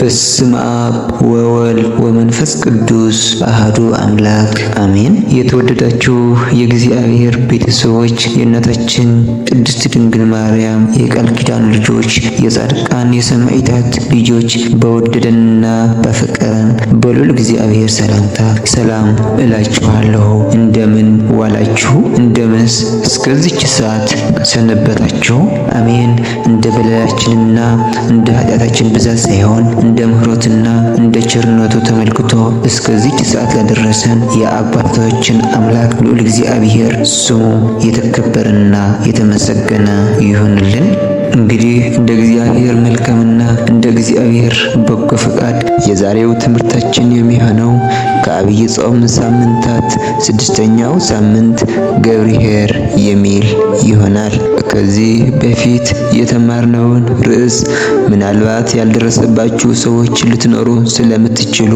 በስም አብ ወወልድ ወመንፈስ ቅዱስ አህዱ አምላክ አሜን። የተወደዳችሁ የእግዚአብሔር ቤተሰቦች፣ የእናታችን ቅድስት ድንግል ማርያም የቃል ኪዳን ልጆች፣ የጻድቃን የሰማዕታት ልጆች በወደደንና በፈቀረን በሉል እግዚአብሔር ሰላምታ ሰላም እላችኋለሁ። እንደምን ዋላችሁ? እንደምንስ እስከዚች ሰዓት ሰነበታችሁ? አሜን። እንደ በደላችንና እንደ ኃጢአታችን ብዛት ሳይሆን እንደ ምሕረቱና እንደ ቸርነቱ ተመልክቶ እስከዚች ሰዓት ላደረሰን የአባቶችን አምላክ ልዑል እግዚአብሔር ስሙ የተከበረና የተመሰገነ ይሁንልን። እንግዲህ እንደ እግዚአብሔር መልካምና እንደ እግዚአብሔር በጎ ፈቃድ የዛሬው ትምህርታችን የሚሆነው ከአብይ ጾም ሳምንታት ስድስተኛው ሳምንት ገብርሄር የሚል ይሆናል። ከዚህ በፊት የተማርነውን ርዕስ ምናልባት ያልደረሰባችሁ ሰዎች ልትኖሩ ስለምትችሉ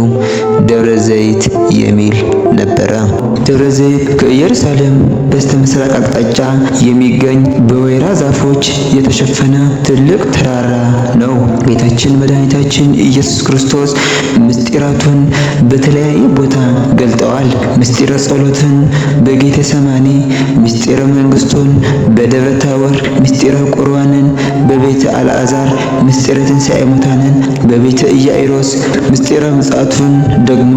ደብረ ዘይት የሚል ነበረ። ደብረ ዘይት ከኢየሩሳሌም በስተ ምስራቅ አቅጣጫ የሚገኝ በወይራ ዛፎች የተሸፈነ ትልቅ ተራራ ነው። ጌታችን መድኃኒታችን ኢየሱስ ክርስቶስ ምስጢራቱን በተለያየ ቦታ ገልጠዋል። ምስጢረ ጸሎትን በጌቴ ሰማኒ፣ ምስጢረ መንግስቱን በደብረ ታቦር፣ ምስጢረ ቁርባንን በቤተ አልዓዛር፣ ምስጢረ ትንሣኤ ሙታንን በቤተ ኢያኢሮስ፣ ምስጢረ ምጽአቱን ደግሞ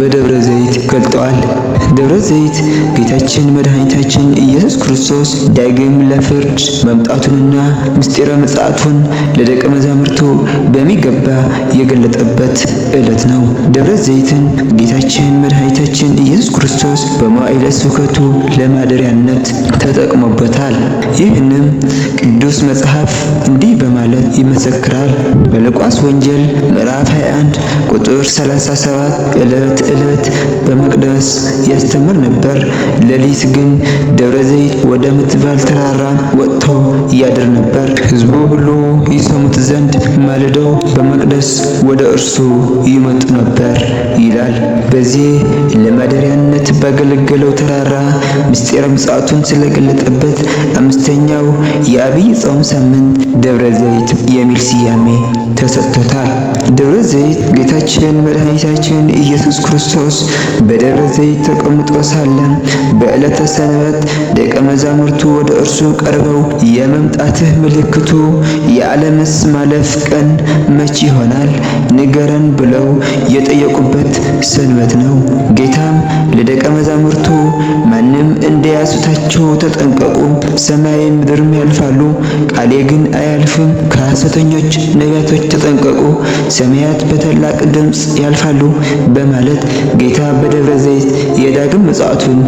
በደብረ ዘይት ገልጠዋል። ደብረ ዘይት ጌታችን መድኃኒታችን ኢየሱስ ክርስቶስ ዳግም ለፍርድ መምጣቱንና ምስጢረ ምጽአቱን ለደቀ መዛሙርቱ በሚገባ የገለጠበት ዕለት ነው። ደብረ ዘይትን ጌታችን መድኃኒታችን ኢየሱስ ክርስቶስ በማዕለ ስብከቱ ለማደሪያነት ተጠቅሞበታል። ይህንም ቅዱስ መጽሐፍ እንዲህ በማለት ይመሰክራል። በሉቃስ ወንጌል ምዕራፍ 21 ቁጥር 37 ዕለት ዕለት በመቅደስ ያስተምር ነበር። ሌሊት ግን ደብረ ዘይት ወደምትባል ተራራ ወጥቶ እያድር ነበር። ህዝቡ ሁሉ ዘንድ ማልደው በመቅደስ ወደ እርሱ ይመጡ ነበር ይላል። በዚህ ለማደሪያነት ባገለገለው ተራራ ምስጢረ ምጽአቱን ስለገለጠበት አምስተኛው የአብይ ጾም ሳምንት ደብረ ዘይት የሚል ስያሜ ተሰጥቶታል። ደብረ ዘይት ጌታችን መድኃኒታችን ኢየሱስ ክርስቶስ በደብረ ዘይት ተቀምጦ ሳለ በዕለተ ሰንበት ደቀ መዛሙርቱ ወደ እርሱ ቀርበው የመምጣትህ ምልክቱ የዓለምስ ማለፍ ቀን መቼ ይሆናል ንገረን ብለው የጠየቁበት ሰንበት ነው። ጌታም ለደቀ መዛሙርቱ ማንም እንዳያስታችሁ ተጠንቀቁ፣ ሰማይ ምድርም ያልፋሉ፣ ቃሌ ግን አያልፍም። ከሐሰተኞች ነቢያቶች ተጠንቀቁ፣ ሰማያት በታላቅ ድምፅ ያልፋሉ በማለት ጌታ በደብረ ዘይት የዳግም ምጽአቱን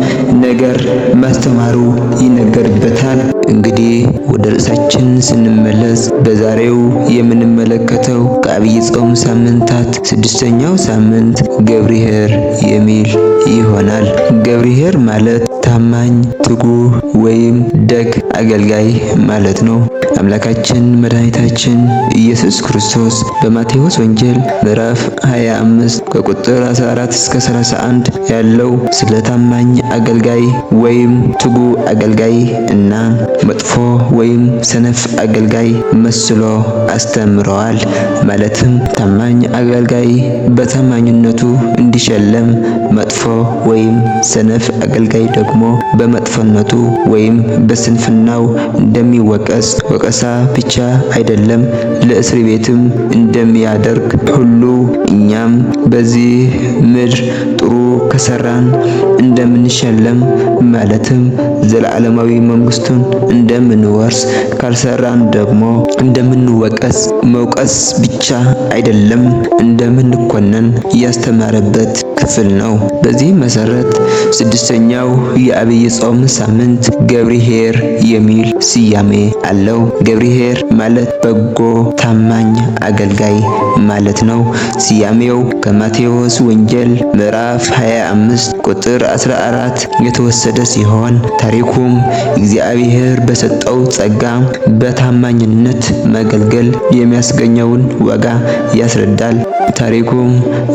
ነገር ማስተማሩ ይነገርበታል። እንግዲህ ወደ ርዕሳችን ስንመለስ በዛሬው የምንመለከተው ከአብይ ጾም ሳምንታት ስድስተኛው ሳምንት ገብርኄር የሚል ይሆናል። ገብርኄር ማለት ታማኝ፣ ትጉህ ወይም ደግ አገልጋይ ማለት ነው። አምላካችን መድኃኒታችን ኢየሱስ ክርስቶስ በማቴዎስ ወንጌል ምዕራፍ 25 ከቁጥር 14 እስከ 31 ያለው ስለ ታማኝ አገልጋይ ወይም ትጉ አገልጋይ እና መጥፎ ወይም ሰነፍ አገልጋይ መስሎ አስተምረዋል። ማለትም ታማኝ አገልጋይ በታማኝነቱ እንዲሸለም፣ መጥፎ ወይም ሰነፍ አገልጋይ ደግሞ በመጥፎነቱ ወይም በስንፍና ዝናው እንደሚወቀስ ወቀሳ ብቻ አይደለም ለእስር ቤትም እንደሚያደርግ ሁሉ እኛም በዚህ ምድር ጥሩ ከሰራን እንደምንሸለም ማለትም ዘላለማዊ መንግስቱን እንደምንወርስ ካልሰራን ደግሞ እንደምንወቀስ መውቀስ ብቻ አይደለም እንደምንኮነን ያስተማረበት ክፍል ነው። በዚህም መሰረት ስድስተኛው የአብይ ጾም ሳምንት ገብሪሄር የሚል ስያሜ አለው። ገብርሄር ማለት በጎ ታማኝ አገልጋይ ማለት ነው። ስያሜው ከማቴዎስ ወንጌል ምዕራፍ 25 ቁጥር 14 የተወሰደ ሲሆን ታሪኩም እግዚአብሔር በሰጠው ጸጋ በታማኝነት መገልገል የሚያስገኘውን ዋጋ ያስረዳል። ታሪኩም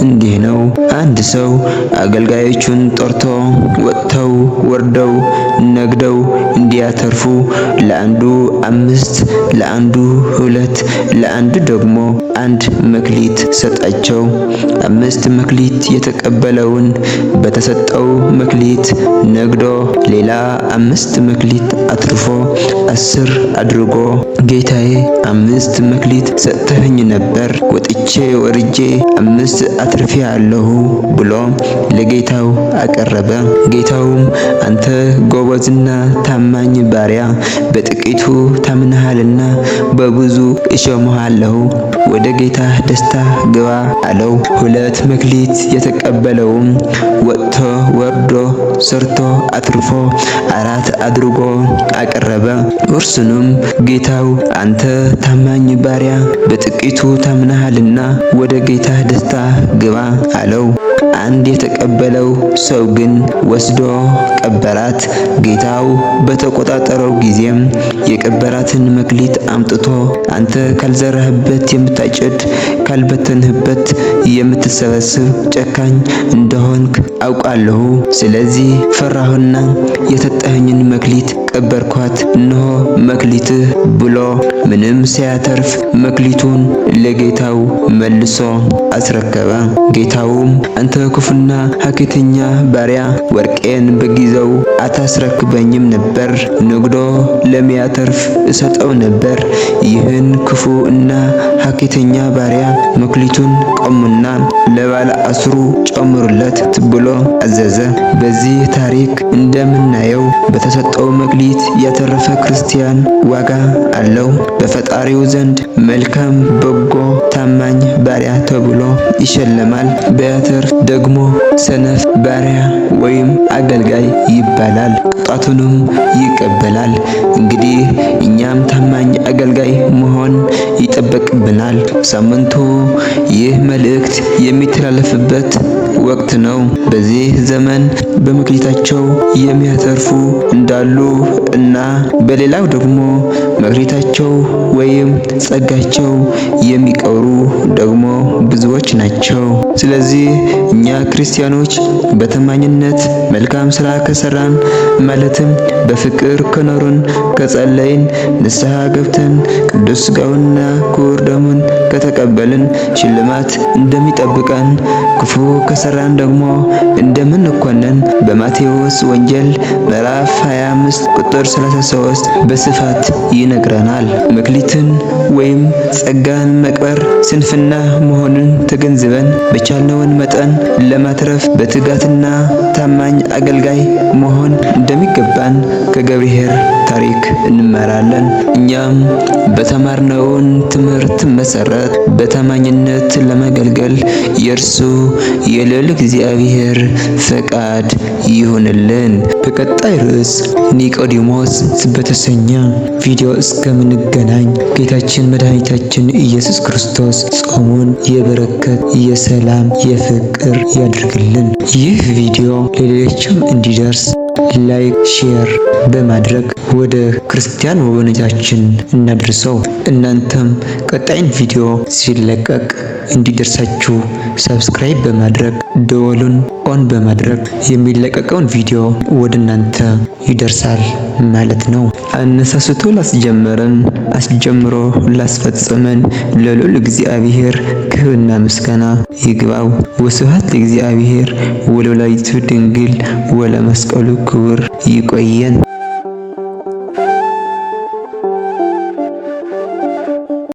እንዲህ ነው። አንድ ሰው አገልጋዮቹን ጠርቶ ወጥተው ወርደው ነግደው እንዲያተርፉ ለአንዱ አምስት ለአንዱ ሁለት ለአንዱ ደግሞ አንድ መክሊት ሰጣቸው። አምስት መክሊት የተቀበለውን በተሰጠው መክሊት ነግዶ ሌላ አምስት መክሊት አትርፎ አስር አድርጎ ጌታዬ አምስት መክሊት ሰጥተኸኝ ነበር፣ ወጥቼ ወርጄ አምስት አትርፌ አለሁ ብሎ ለጌታው አቀረበ። ጌታውም አንተ ጎበዝና ታማ ታማኝ ባሪያ በጥቂቱ ታምነሃልና በብዙ እሾምሃለሁ፣ ወደ ጌታ ደስታ ግባ አለው። ሁለት መክሊት የተቀበለውም ወጥቶ ወርዶ ሰርቶ አትርፎ አራት አድርጎ አቀረበ። እርሱንም ጌታው አንተ ታማኝ ባሪያ በጥቂቱ ታምነሃልና ወደ ጌታ ደስታ ግባ አለው። አንድ የተቀበለው ሰው ግን ወስዶ ቀበራት። ጌታው በተቆጣጠረው ጊዜም የቀበራትን መክሊት አምጥቶ አንተ ከልዘረህበት የምታጭድ ካልበተንህበት የምትሰበስብ ጨካኝ እንደሆንክ አውቃለሁ። ስለዚህ ፈራሁና የሰጠኸኝን መክሊት ቀበርኳት፣ እነሆ መክሊትህ ብሎ ምንም ሳያተርፍ መክሊቱን ለጌታው መልሶ አስረከበ። ጌታውም አንተ ክፉና ሀኬተኛ ባሪያ ወርቄን በጊዜው አታስረክበኝም ነበር፣ ንግዶ ለሚያተርፍ እሰጠው ነበር። ይህን ክፉ እና ሀኬተኛ ባሪያ መክሊቱን ለ ባለ አስሩ ጨምሩለት ብሎ አዘዘ። በዚህ ታሪክ እንደምናየው በተሰጠው መክሊት ያተረፈ ክርስቲያን ዋጋ አለው። በፈጣሪው ዘንድ መልካም፣ በጎ፣ ታማኝ ባሪያ ተብሎ ይሸለማል። በያተር ደግሞ ሰነፍ ባሪያ ወይም አገልጋይ ይባላል። ቅጣቱንም ይቀበላል። እንግዲህ እኛም ታማኝ አገልጋይ መሆን ይጠበቅብናል። ሳምንቱ ይህ መልእክት የሚተ የሚተላለፍበት ወቅት ነው። በዚህ ዘመን በመክሊታቸው የሚያተርፉ እንዳሉ እና በሌላው ደግሞ መክሊታቸው ወይም ጸጋቸው የሚቀሩ ደግሞ ብዙዎች ናቸው። ስለዚህ እኛ ክርስቲያኖች በታማኝነት መልካም ስራ ከሰራን ማለትም በፍቅር ከኖርን፣ ከጸለይን፣ ንስሐ ገብተን ቅዱስ ሥጋውንና ክቡር ደሙን ከተቀበልን ሽልማት እንደሚጠብቀን፣ ክፉ ከሰራን ደግሞ እንደምንኮነን በማቴዎስ ወንጌል ምዕራፍ 25 ቁጥር 33 በስፋት ይነግረናል። መክሊትን ወይም ጸጋን መቅበር ስንፍና መሆንን ተገንዝበን በቻልነውን መጠን ለማትረፍ በትጋትና ታማኝ አገልጋይ መሆን እንደሚገባን ከገብርኄር ታሪክ እንመራለን። እኛም በተማርነውን ትምህርት መሰረት በታማኝነት ለመገልገል የእርሱ የልዕል እግዚአብሔር ፈቃድ ይሁንልን። በቀጣይ ርዕስ ኒቆዲሞስ በተሰኘ ቪዲዮ እስከምንገናኝ ጌታችን መድኃኒታችን ኢየሱስ ክርስቶስ ጾሙን የበረከት የሰላም የፍቅር ያድርግልን። ይህ ቪዲዮ ለሌሎችም እንዲደርስ ላይክ፣ ሼር በማድረግ ወደ ክርስቲያን ወገኖቻችን እናድርሰው። እናንተም ቀጣይን ቪዲዮ ሲለቀቅ እንዲደርሳችሁ ሰብስክራይብ በማድረግ ደወሉን ኦን በማድረግ የሚለቀቀውን ቪዲዮ ወደ እናንተ ይደርሳል ማለት ነው። አነሳስቶ ላስጀመረን አስጀምሮ ላስፈጸመን ለልዑል እግዚአብሔር ክብርና ምስጋና ይግባው። ወስብሐት ለእግዚአብሔር ወለወላዲቱ ድንግል ወለመስቀሉ ክቡር ይቆየን።